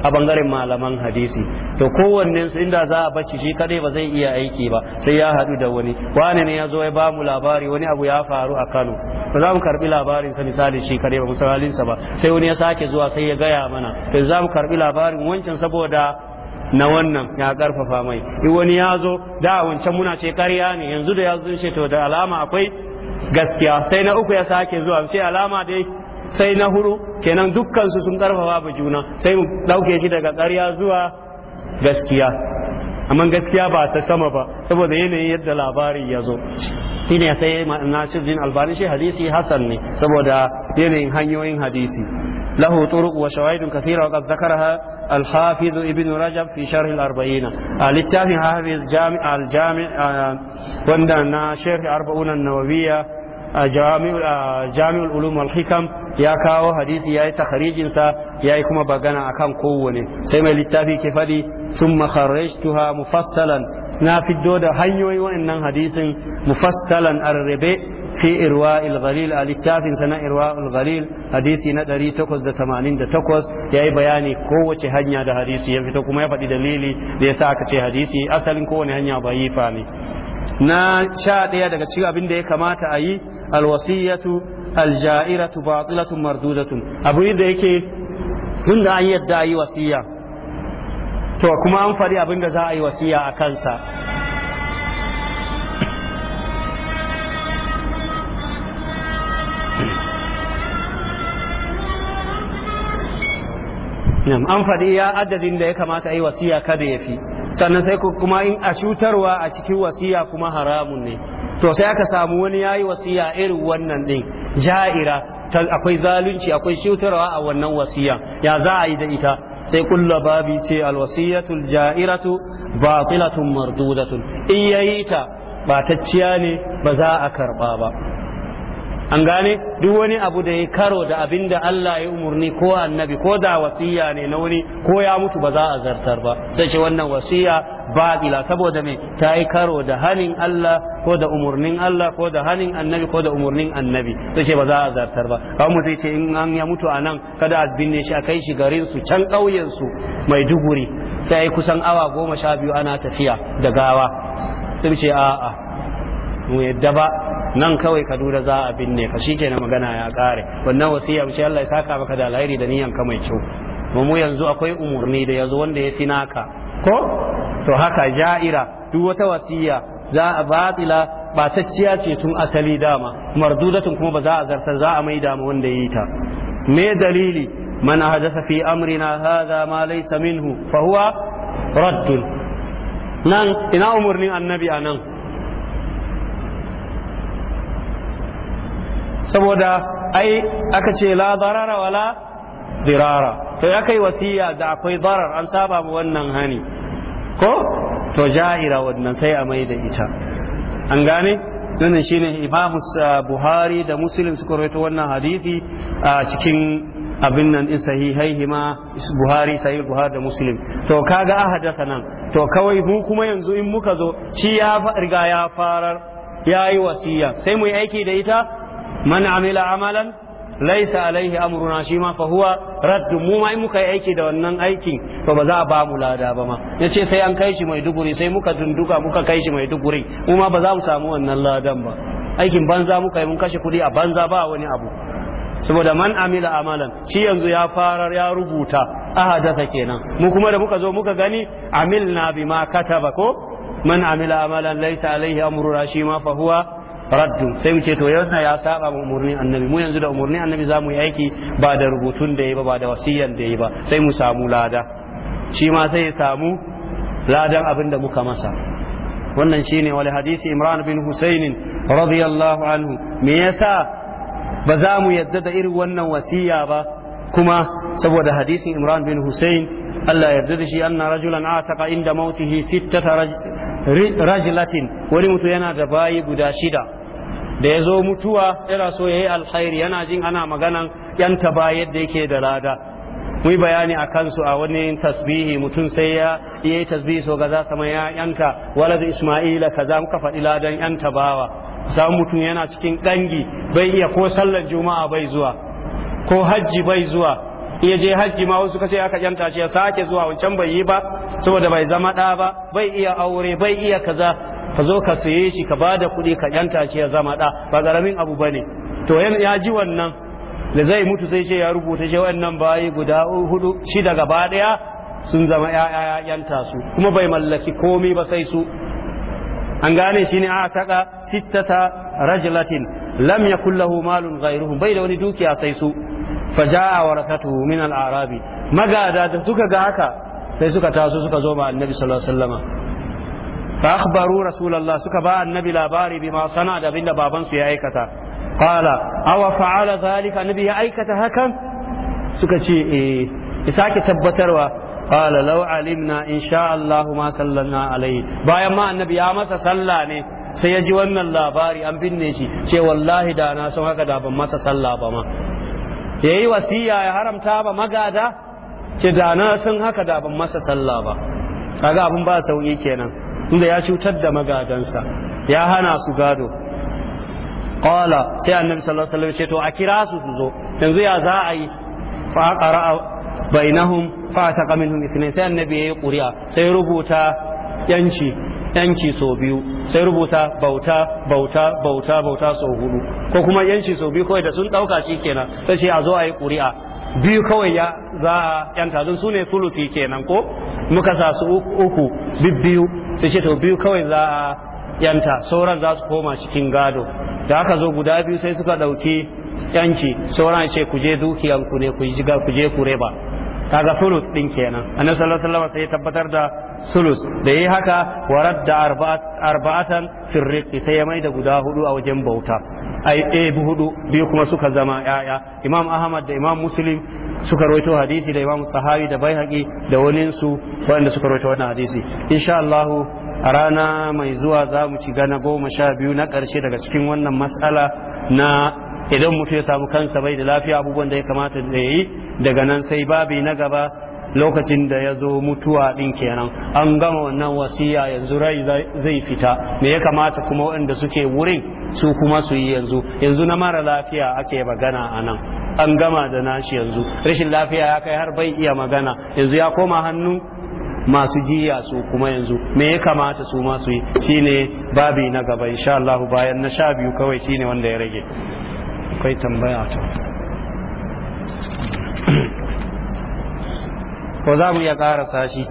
a bangaren malaman hadisi to kowannen su inda za a bacci shi kadai ba zai iya aiki ba sai ya hadu da wani wani ne ya zo ya bamu labari wani abu ya faru a Kano to za mu karbi labarin sa misali shi kadai ba misalin sa ba sai wani ya sake zuwa sai ya gaya mana to za mu karbi labarin wancan saboda na wannan ya karfafa mai in wani ya zo da wancan muna ce ƙarya ne yanzu da ya zo ce to da alama akwai gaskiya sai na uku ya sake zuwa sai alama dai sai na hudu kenan dukkansu sun karfafa ba juna sai mu dauke shi daga ƙarya zuwa gaskiya amma gaskiya ba ta sama ba saboda yanayin yadda labari ya zo shi ne sai nasiruddin albani shi hadisi hasan ne saboda yanayin hanyoyin hadisi lahu turuq wa shawaidun kathira wa qad zakaraha al-hafiz ibn rajab fi sharh al-arba'in al-littafi hafiz jami' al-jami' wanda na sharh arba'un an-nawawiyya jami'ul ulum wal hikam ya kawo hadisi yayi takharijin sa yi kuma bagana akan kowane sai mai littafi ke faɗi thumma kharrajtuha mufassalan na fiddo da hanyoyi wannan hadisin mufassalan arrabe fi irwa ghalil a littafin sa na irwa ghalil hadisi na 888 yayi bayani kowace hanya da hadisi ya fito kuma ya faɗi dalili da yasa aka ce hadisi asalin kowane hanya fa ne na sha ɗaya daga cikin abin da ya kamata a yi alwasiyatu aljairatu batilatu mardudatun abu da yake tun da an yadda a yi wasiya to kuma an faɗi abin da za a yi wasiya a kansa an faɗi ya adadin da ya kamata a yi wasiya kada ya fi sannan sai kuma in a cutarwa a cikin wasiya kuma haramun ne to sai aka samu wani ya yi wasiya irin wannan din ja'ira akwai zalunci akwai cutarwa a wannan wasiya ya za a yi da ita sai kulla babi ce alwasiyatul ja'iratu batilatun mardudatun in yayi ta batacciya ne ba za a karba ba an gane duk wani abu da ya karo da abinda Allah ya umarni ko annabi ko da wasiya ne na wani ko ya mutu ba za a zartar ba sai ce wannan wasiya batila saboda me ta yi karo da hanin Allah ko da umarnin Allah ko da hanin annabi ko da umarnin annabi sai ce ba za a zartar ba kawai mu sai ce in an ya mutu a nan kada a binne shi a kai shi garin su can ƙauyen su mai duguri sai kusan awa goma sha biyu ana tafiya da gawa sai ce a'a mu yadda ba nan kawai kaduna za a binne ka na magana ya kare wannan wasiya ce Allah ya saka maka da alheri da ka mai kyau mu yanzu akwai umurni da yazo wanda ya fi naka ko to haka ja'ira duk wata wasiya za a batila batacciya ce tun asali dama mardudatun kuma ba za a zartar za a maida mu wanda yi ta me dalili man hadatha fi amrina hadha ma laysa minhu fa huwa raddun nan ina umurnin annabi anan saboda ai aka ce la darara wala dirara to ya kai wasiya da akwai darar an saba mu wannan hani ko to jahira wannan sai a mai da ita an gane wannan shine imam buhari da muslim suka rawaito wannan hadisi a cikin abin nan din sahihaihi ma buhari sahih buhari da muslim to kaga ahadasa nan to kawai mu kuma yanzu in muka zo shi ya riga ya farar ya yi wasiya sai mu yi aiki da ita man amila amalan laisa alaihi amruna shi ma fa huwa radd mu mai muka yi aiki da wannan aikin to ba za a ba mu lada ba ma yace sai an kai shi mai duguri sai muka dunduka muka kai shi mai duguri mu ma ba za mu samu wannan ladan ba aikin banza muka yi mun kashe kuɗi a banza ba wani abu saboda man amila amalan shi yanzu ya farar ya rubuta ta kenan mu kuma da muka zo muka gani amilna bima kataba ko man amila amalan laisa alaihi amruna shi fa huwa raddu sai mu ce to wannan ya saba mu umurnin annabi mu yanzu da umurnin annabi za mu yi aiki ba da rubutun da yi ba ba da wasiyan da yi ba sai mu samu lada shi ma sai ya samu ladan abin da muka masa wannan shine wal hadisi imran bin husayn radiyallahu anhu me yasa ba za mu yadda da irin wannan wasiya ba kuma saboda hadisin imran bin husayn Allah yarda da shi anna rajulan ataqa inda mautihi sittata rajlatin wani mutum yana da bayi guda shida da ya zo mutuwa yana so ya yi alkhairi yana jin ana maganan yanta ba yadda yake da lada Mun bayani a kansu a wani tasbihi mutum sai ya yi tasbihi so ga za sama ya yanka walad isma'ila kaza muka faɗi ladan yanta bawa Samun mutum yana cikin dangi bai iya ko sallar juma'a bai zuwa ko hajji bai zuwa iya je hajji ma wasu kace aka yanta shi ya sake zuwa wancan bai yi ba saboda bai zama ɗa ba bai iya aure bai iya kaza ka zo ka saye shi ka bada kuɗi ka yanta shi ya zama ɗa ba garamin abu bane to ya ji wannan da zai mutu sai ce ya rubuta shi wannan bayi guda hudu shi daga ba ɗaya sun zama ya yanta su kuma bai mallaki komai ba sai su an gane shi ne a taƙa sittata rajlatin lam yakullahu malun ghairuhum bai da wani dukiya sai su faja'a warasatuhu min al-arabi magada da suka ga haka sai suka taso suka zo ma annabi sallallahu alaihi wasallam fa akhbaru rasulullah suka ba annabi labari bima sana da abinda baban su ya aikata qala aw fa'ala zalika annabi ya aikata hakan suka ce eh ya tabbatarwa qala law alimna insha Allah ma sallanna alaihi bayan ma annabi ya masa sallah ne sai ya ji wannan labari an binne shi ce wallahi da na san haka da ban masa sallah ba ma ya yi wasiya ya haramta ba magada ce da na sun haka da ban masa sallah ba kaga abin ba sauki kenan inda ya cutar da magadansa ya hana su gado qala sai annabi sallallahu alaihi wasallam ce to a kira su su zo yanzu ya za a yi fa qara'a bainahum fa taqa minhum ithnain sai annabi yi quri'a sai rubuta yanci yanci sau biyu sai rubuta bauta bauta bauta bauta sau hudu ko kuma yanci sau biyu kawai da sun dauka shi kenan sai ce a zo a yi ƙuri'a biyu kawai ya za a yanta don sune ne kenan ko muka sa su uku biyu sai ce to biyu kawai za a yanta sauran za su koma cikin gado da aka zo guda biyu sai suka ɗauki yanci sauran ce ku je dukiyanku ne ku je ku reba kaga sulus din kenan annabi sallallahu alaihi wasallam sai tabbatar da sulus da yayi haka waradda arba'atan firriqi sai ya mai da guda hudu a wajen bauta ai eh, bi hudu biyu kuma suka zama yaya imam ahmad da imam muslim suka rawaito hadisi da imam sahawi da baihaqi da waninsu waɗanda suka rawaito wannan hadisi insha Allah a rana mai zuwa za mu ci gana goma sha biyu na karshe daga cikin wannan matsala na idan mutum ya samu kansa bai da lafiya abubuwan da ya kamata da yi daga nan sai babi na gaba lokacin da ya zo mutuwa ɗin kenan an gama wannan wasiya yanzu rai zai fita me ya kamata kuma waɗanda suke wurin su kuma su yi yanzu yanzu na mara lafiya ake magana a nan an gama da nashi yanzu rashin lafiya ya kai har bai iya magana yanzu ya koma hannu masu jiya su kuma yanzu me ya kamata su masu yi shine babi na gaba insha bayan na sha biyu kawai shine wanda ya rage akwai tambaya ta ko za mu iya ƙara sashi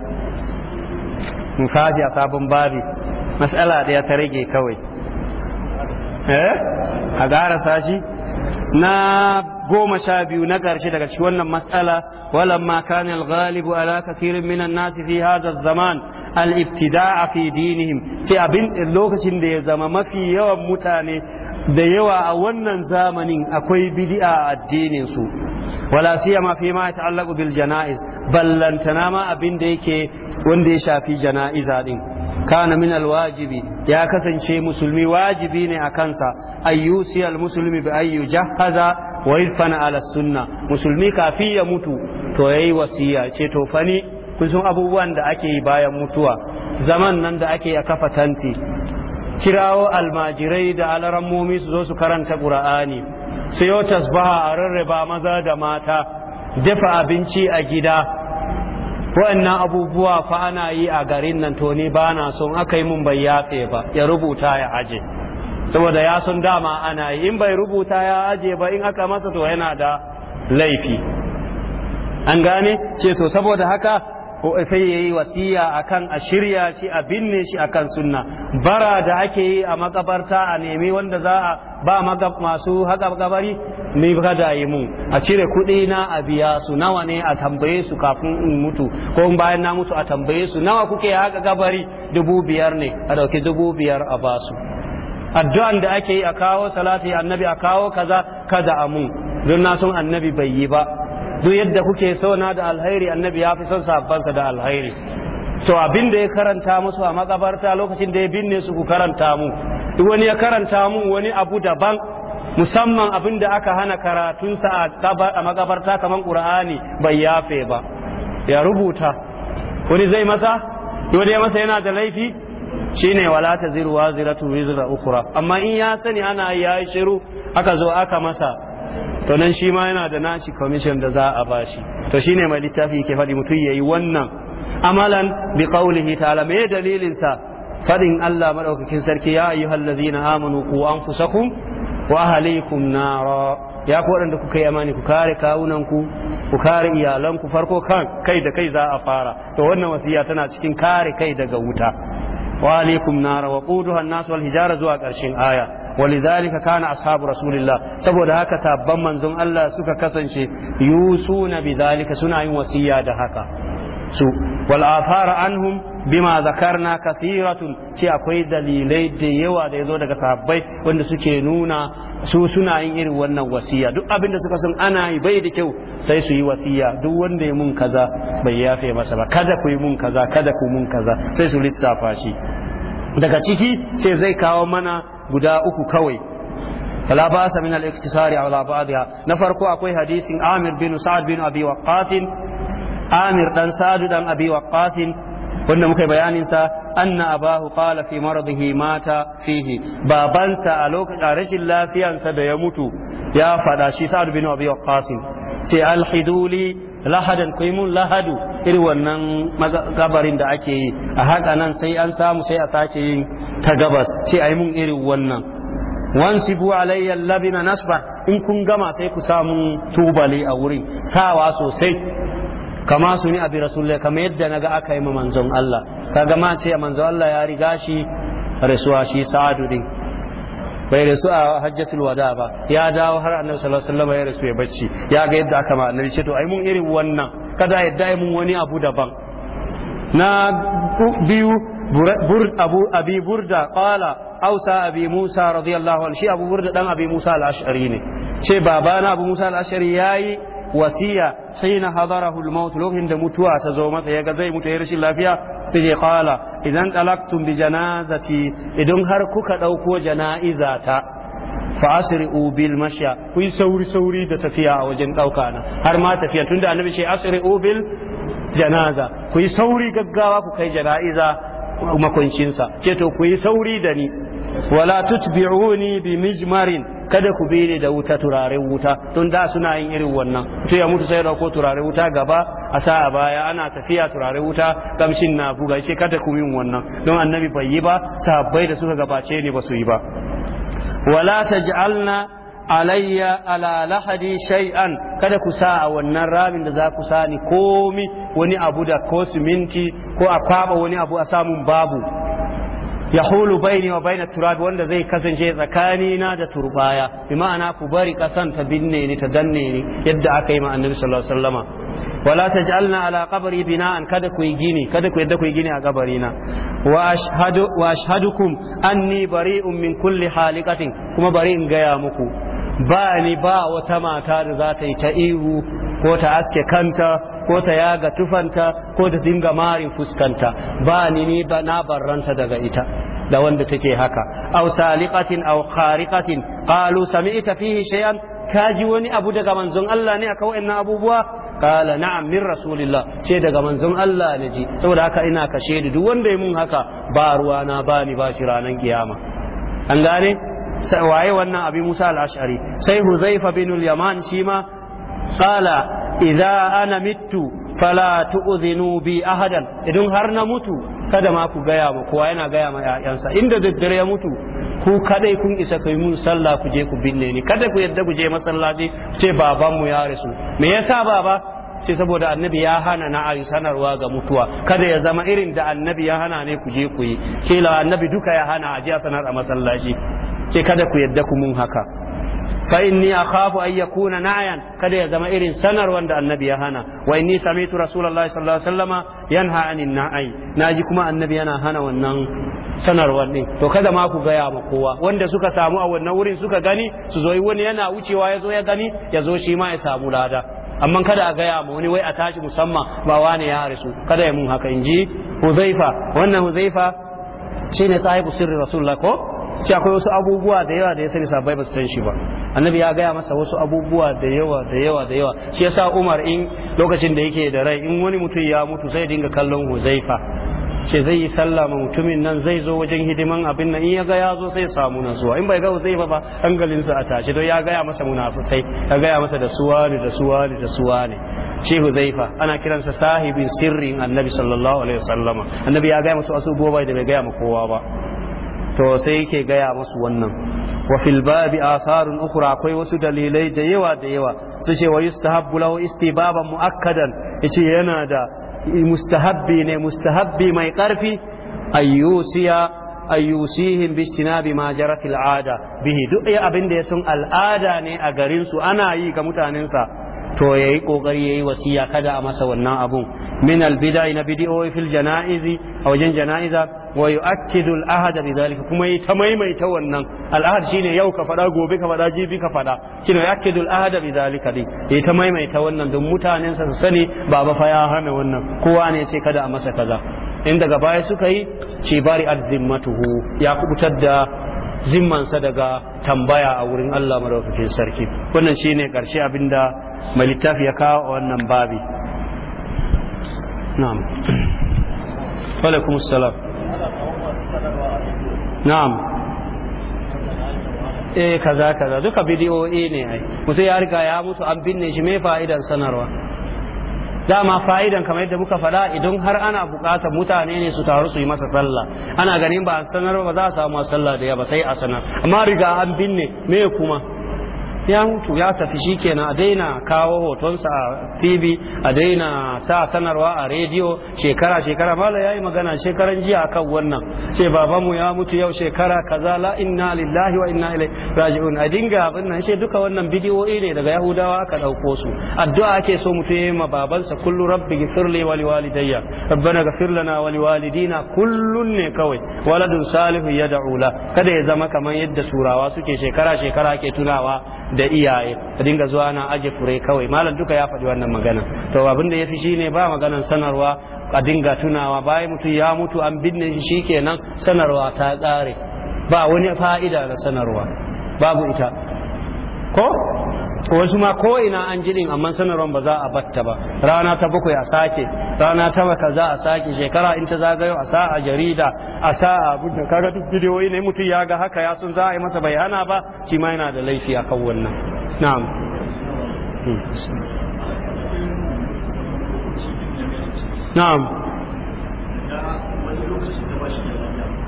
mu kashi a sabon babi matsala ɗaya ta rage kawai eh a ƙara sashi na goma sha biyu na ƙarshe daga cikin wannan matsala walamma kana al-ghalibu ala kasirin minan nasi fi hadha zaman al'ibtida'a fi dinihim ce abin lokacin da ya zama mafi yawan mutane da yawa a wannan zamanin akwai bidi'a a addinin su wala siyama fi ma ta'allaqu bil janaiz ballantana ma abin da yake wanda ya shafi janaiza din kana min alwajibi ya kasance musulmi wajibi ne a kansa ayyusi musulmi bi ayyu jahaza wa irfana ala sunna musulmi kafi ya mutu to yayi wasiya ce to fani kun abubuwan da ake yi bayan mutuwa zaman nan da ake a kafa tanti kirawo almajirai da alarammomi su zo su karanta qur'ani su yo tasbaha a rarraba maza da mata dafa abinci a gida wa'annan abubuwa fa ana yi a garin nan to ni ba na son aka yi mun bai yafe ba ya rubuta ya aje saboda ya sun dama ana yi in bai rubuta ya aje ba in aka masa to yana da laifi an gane ce to saboda haka ko sai ya yi wasiya akan a shirya shi a binne shi akan sunna bara da ake yi a makabarta a nemi wanda za a ba masu haka kabari ni kada yi mun a cire kuɗi na a biya su nawa ne a tambaye su kafin in mutu ko bayan na mutu a tambaye su nawa kuke haka kabari dubu biyar ne a dauki dubu biyar a ba su. addu'an da ake yi a kawo salati annabi a kawo kaza kada a mun don na sun annabi bai yi ba duk yadda kuke na da alhairi annabi ya fi son sabansa da alhairi to abin da ya karanta musu a makabarta lokacin da ya binne su ku karanta mu duk wani ya karanta mu wani abu daban musamman abin da aka hana karatunsa a makabarta kamar qur'ani bai yafe ba ya rubuta wani zai masa wani ya masa yana da laifi shine wala taziru waziratu wizra ukhra amma in ya sani ana yayi shiru aka zo aka masa to nan shi ma yana da nashi commission da za a ba shi to shine mai littafi ke faɗi mutum yayi wannan amalan bi qawlihi ta'ala me dalilin sa fadin Allah madaukakin sarki ya ayyuhal ladzina amanu ku anfusakum wa ahlikum nara ya ku da kuka yi amani ku kare kawunanku ku kare iyalanku farko kan kai da kai za a fara to wannan wasiya tana cikin kare kai daga wuta wa alaikum nara wa quduha wal hijara zuwa karshen aya walidhalika kana ashabu rasulillah saboda haka sabban manzon Allah suka kasance yusuna bidhalika suna yin wasiya da haka su wal afara anhum bima zakarna kasiratun ce akwai dalilai da yawa da ya zo daga sahabbai wanda suke nuna su suna yin irin wannan wasiya duk abin da suka san ana yi bai da kyau sai su yi wasiya duk wanda ya mun kaza bai yafe masa ba kada ku yi mun kaza kada ku mun kaza sai su lissafa shi daga ciki ce zai kawo mana guda uku kawai فلا بأس من الاقتصار على بعضها نفرق أكوي حديث عامر بن سعد بن أبي وقاص ɗan بن سعد بن أبي وقاص wanda muka yi bayanin sa anna abahu qala fi maradihi mata fihi babansa a lokacin rashin lafiyansa da ya mutu ya fada shi sa'ad bin abi waqqas sai alhiduli lahadan mun lahadu irin wannan gabarin da ake yi a haka nan sai an samu sai a sake yin ta gabas sai a yi mun irin wannan wansibu alayya labina nasba in kun gama sai ku samu tubali a wurin sawa sosai kama su ni abi rasulullahi kama yadda naga aka yi ma manzon Allah kaga ma ce manzon Allah ya riga shi rasuwa shi sa'adu din bai rasu a hajjatul wada ba ya dawo har annabi sallallahu alaihi wasallam ya rasu ya bacci ya ga yadda aka ma annabi ce to ai mun irin wannan kada yadda mun wani abu daban na biyu abu abi burda qala ausa abi musa radiyallahu anhu shi abu burda dan abi musa al-ash'ari ne ce babana abu musa al-ash'ari yayi wasiya hina hadarahu al-maut lokacin da mutuwa ta zo masa yaga zai mutu ya rashin lafiya tace qala idan talaqtum bi janazati idan har kuka dauko janaiza ta fa asri'u bil mashya ku sauri sauri da tafiya a wajen dauka na har ma tafiya tunda annabi ce asri'u bil janaza ku sauri gaggawa ku kai janaiza makuncinsa ce to ku yi sauri da ni wala tutbi'uni bi mijmarin kada ku bi ni da wuta turaren wuta don da suna yin irin wannan to ya mutu sai da ko turaren wuta gaba a sa a baya ana tafiya turaren wuta kamshin na buga shi kada ku yin wannan don annabi bai yi ba sahabbai da suka gabace ni ba su yi ba wala taj'alna alayya ala lahadi shay'an kada ku sa a wannan ramin da za ku sani ni komi wani abu da ko siminti ko a kwaba wani abu a samun babu yahulu baini wa baina turab wanda zai kasance tsakani na da turbaya bi ma'ana ku bari kasan ta binne ni ta danne ni yadda aka yi ma annabi sallallahu alaihi wasallama wala taj'alna ala qabri bina'an kada ku yi gini kada ku yadda ku yi gini a kabari na wa ashhadu wa ashhadukum anni bari'un min kulli haliqatin kuma bari in gaya muku ba ni ba wata mata da za ta yi ta ihu ko ta aske kanta ko ta yaga tufanta ko ta dinga marin fuskanta ba ni ni ba na barranta daga ita da wanda take haka aw saliqatin aw khariqatin qalu sami'ta fihi shay'an kaji wani abu daga manzon Allah ne akan wannan abubuwa Kala na'am min rasulillah sai daga manzon Allah ne ji saboda haka ina kashe ni duk wanda ya mun haka ba ruwa na bani ba shi ranan kiyama an gane waye wannan abi Musa al-Ash'ari sai Huzaifa bin al-Yaman shi ma قال إذا ana ميت fala تؤذنوا بي ahadan idan har na mutu kada ma ku gaya ma kowa yana gaya ma ƴaƴansa inda daddare ya mutu ku kadai kun isa kai mun sallah ku je ku binne ni kada ku yadda ku je masallaci ku ce babanmu ya rasu me yasa baba ce saboda annabi ya hana na ayi sanarwa ga mutuwa kada ya zama irin da annabi ya hana ne ku je ku yi kila annabi duka ya hana a a sanar a masallaci ce kada ku yadda ku mun haka fa inni akhafu an yakuna na'yan kada ya zama irin sanar wanda annabi ya hana wa inni sami'tu rasulullahi sallallahu alaihi wasallama yanha anin na'ai naji kuma annabi yana hana wannan sanarwar din to kada ma ku gaya ma kowa wanda suka samu a wannan wurin suka gani su zo wani yana wucewa ya zo ya gani ya zo shi ma ya samu lada amma kada a gaya ma wani wai a tashi musamman ba wani ya harisu kada ya mun haka inji huzaifa wannan huzaifa shine sahibu sirri rasulullah ko ce akwai wasu abubuwa da yawa da ya sani sabai ba su san shi ba annabi ya gaya masa wasu abubuwa da yawa da yawa da yawa shi yasa Umar in lokacin da yake da rai in wani mutum ya mutu zai dinga kallon Huzaifa ce zai yi sallah ma mutumin nan zai zo wajen hidiman abin nan in ya ga ya zo sai samu nasuwa in bai ga Huzaifa ba hankalinsa a tashi don ya gaya masa munafukai ya gaya masa da suwa ne da suwa ne da suwa ne ce Huzaifa ana kiransa sahibin sirrin annabi sallallahu alaihi wasallama annabi ya gaya masa wasu gobai da bai gaya ma kowa ba to sai yake gaya masu wannan wa fil babi atharun ukhra akwai wasu dalilai da yawa da yawa su ce wa yustahabbu lahu istibaban muakkadan yace yana da mustahabbi ne mustahabbi mai karfi ayusiya ayusihim bi istinabi ma jarat al'ada bihi duk abin da ya sun al'ada ne a garin su ana yi ga mutanen sa to yayi ya yayi wasiya kada a masa wannan abun min albidai na bidiyoyi fil janaizi a wajen janaiza wa yu'akkidu al-ahada bidhalika kuma yi ta maimaita wannan al shine yau ka fada gobe ka fada jibi ka fada kina yu'akkidu al-ahada bidhalika dai yi ta maimaita wannan don mutanen sa su sani baba fa ya hana wannan kowa ne ce kada a masa kaza in daga baya suka yi ce bari azzimmatuhu ya kubutar da zimmansa daga tambaya a wurin Allah madaukakin sarki wannan shine karshe abinda mai littafi ya kawo a wannan babi na'am alaikum salam na'am eh kaza kaza duka bidiyo ne ai mutu ya riga ya mutu an binne shi me fa'idan sanarwa dama fa'idan kamar yadda muka faɗa idan har ana buƙatar mutane ne su taru su yi masa sallah ana ganin ba a sanar ba za a samu sallah da ba sai a sanar amma riga an binne me kuma ya mutu ya tafi shi shikenan a daina kawo hotonsa a tv a daina sa sanarwa a rediyo shekara shekara mala yi magana shekaran jiya akan wannan ce babanmu ya mutu yau shekara kaza la inna lillahi wa inna ilai raji'un a dinga abin shi duka wannan bidiyo ne daga yahudawa aka dauko su addu'a ake so mutum yi ma babansa kullu rabbi ghfirli wa daga rabbana na lana wali walidina kullun ne kawai waladun salihu yad'u la kada ya zama kamar yadda surawa suke shekara shekara ake tunawa da iyaye ka dinga zuwa na aje fure kawai malam duka ya faɗi wannan magana to abin da ya fi shine ba maganan sanarwa a dinga tunawa bayan mutum ya mutu an binne shi kenan sanarwa ta tsare ba wani fa'ida na sanarwa babu ita ko wasu ma ko ina an ji din amma sanarwar ba za a batta ba rana ta bakwai a sake rana ta baka za a sake shekara in ta zagayo a sa'a jarida a sa'a abin da kaga duk bidiyoyi ne mutum ya ga haka ya sun za a yi masa bayana ba shi ma yana da laifi a kan wannan na'am hmm. na'am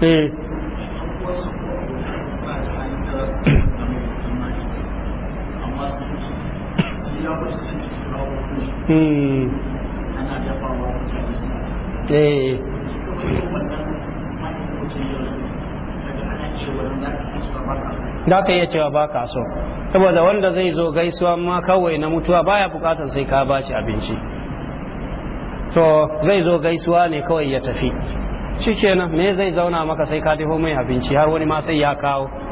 eh da hmm. ka iya cewa ba ka so saboda wanda zai zo gaisuwa ma kawai na mutuwa baya bukatar sai ka shi abinci to zai zo gaisuwa ne kawai ya tafi shikenan me zai zauna maka sai ka tafi mai abinci har wani ma sai ya kawo